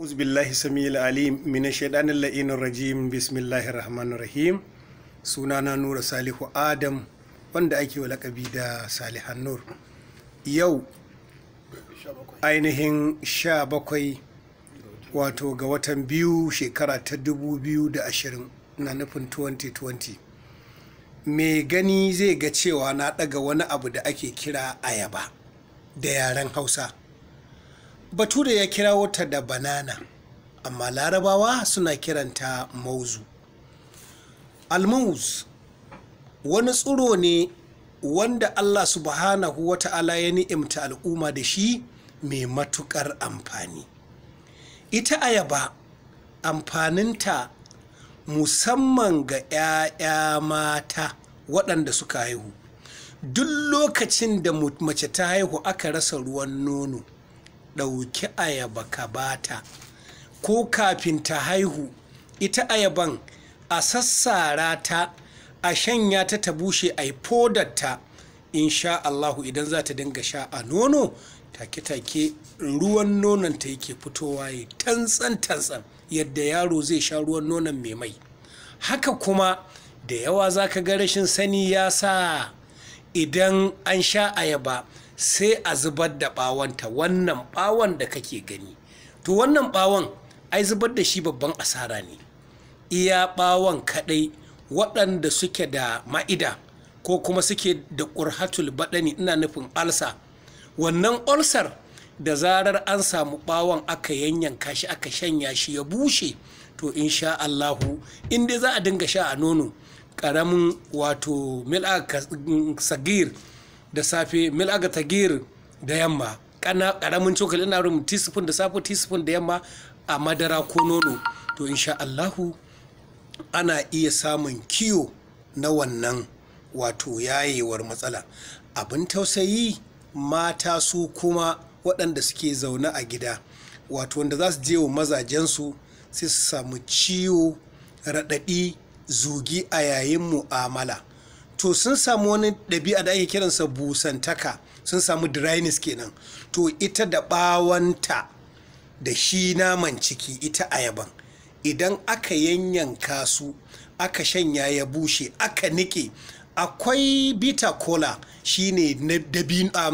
أعوذ بالله السميع العليم من الشيطان اللعين الرجيم بسم الله الرحمن الرحيم سنانا نور صالح wanda ake wa lakabi da salihan nur yau ainihin sha bakwai wato ga watan biyu shekara ta dubu biyu da ashirin na nufin 2020 mai gani zai ga cewa na ɗaga wani abu da ake kira ayaba da yaren hausa bature ya kira wata da banana amma larabawa suna kiranta mauzu almauz wani tsiro ne wanda allah subhanahu wa ta'ala ya ni'imta al'umma da shi mai matukar amfani ita ayaba amfaninta musamman ga 'ya'ya mata waɗanda suka haihu duk lokacin da mace ta haihu aka rasa ruwan nono ɗauki ayaba ka bata ko kafin ta haihu ita ayaban a sassara ta a shanya ta ta bushe a yi fodarta insha Allahu idan za ta dinga sha a nono take-take ruwan nonon ta yake fitowa ya tantsan-tantsan yadda yaro zai sha ruwan nonon mai mai haka kuma da yawa za ka ga rashin sani ya sa idan an sha ayaba sai a zubar da bawanta wannan ɓawon da kake gani to wannan bawan ai zubar da shi babban asara ne iya bawan kadai waɗanda suke da ma'ida ko kuma suke da ƙurhatul baɗani ina nufin alsa wannan ulsar da zarar an samu ɓawon aka yanyanka shi aka shanya shi ya bushe to insha Allahu in dai za a dinga sha a nono ƙaramin wato mil'a sagir da safe mil aga tagir da yamma kana karamin cokali ina rum teaspoon da safe teaspoon da yamma a madara ko nono to insha Allahu ana iya samun kiyo na wannan wato yayewar matsala abin tausayi mata su kuma waɗanda suke zaune a gida wato wanda za su je wa mazajensu sai su samu ciwo raɗaɗi zugi a yayin mu'amala to sun samu wani ɗabi'a da ake kiransa busantaka sun samu dryness kenan to ita da ɓawanta da shi naman ciki ita ayaban idan aka yanyanka su aka shanya ya bushe aka nike akwai bita kola shine na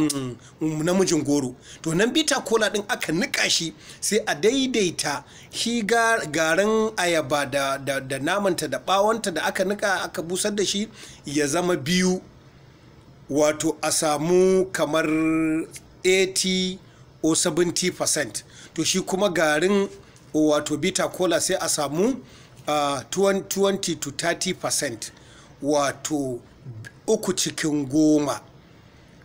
um, namijin goro to nan bita kola din aka nika shi sai a daidaita shi garin ayaba da namanta da bawonta da aka nika aka busar da shi ya zama biyu wato a samu kamar 80 or 70% to shi kuma garin wato bita kola sai a samu 20 uh, to 30% wato uku cikin goma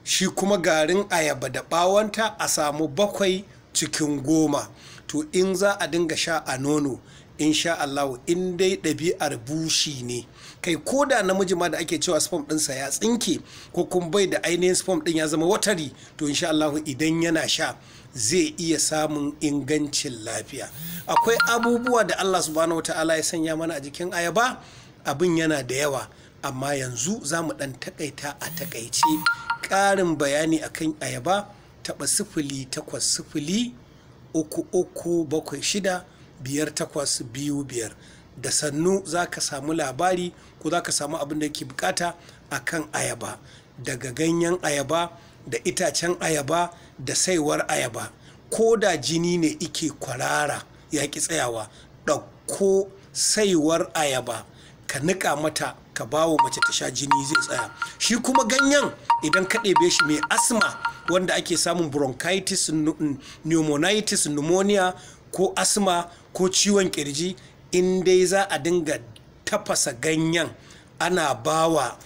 shi kuma garin ayaba da bawanta a samu bakwai cikin goma to in za a dinga sha a nono insha Allah in dai ɗabi'ar bushi ne kai ko da namiji ma da ake cewa sperm ɗinsa ya tsinke ko kuma bai da ainihin sperm ɗin ya zama watari to insha Allah idan yana sha zai iya samun ingancin lafiya akwai abubuwa da Allah subhanahu wa ta'ala ya sanya mana a jikin ayaba abin yana da yawa amma yanzu za mu ɗan takaita a takaice ƙarin bayani akan ayaba taba sifili takwas sifili uku uku bakwai shida biyar takwas biyu biyar da sannu za ka samu labari ko za ka samu abin da ke bukata akan ayaba daga ganyen ayaba da itacen ayaba da saiwar ayaba ko da jini ne ike kwarara ya ki tsayawa ɗauko saiwar ayaba ka niƙa mata ka bawo mace ta sha jini zai tsaya shi kuma ganyen idan ka ɗebe shi mai asma wanda ake samun bronchitis pneumonitis pneumonia ko asma ko ciwon kirji in dai za a dinga tafasa ganyen ana bawa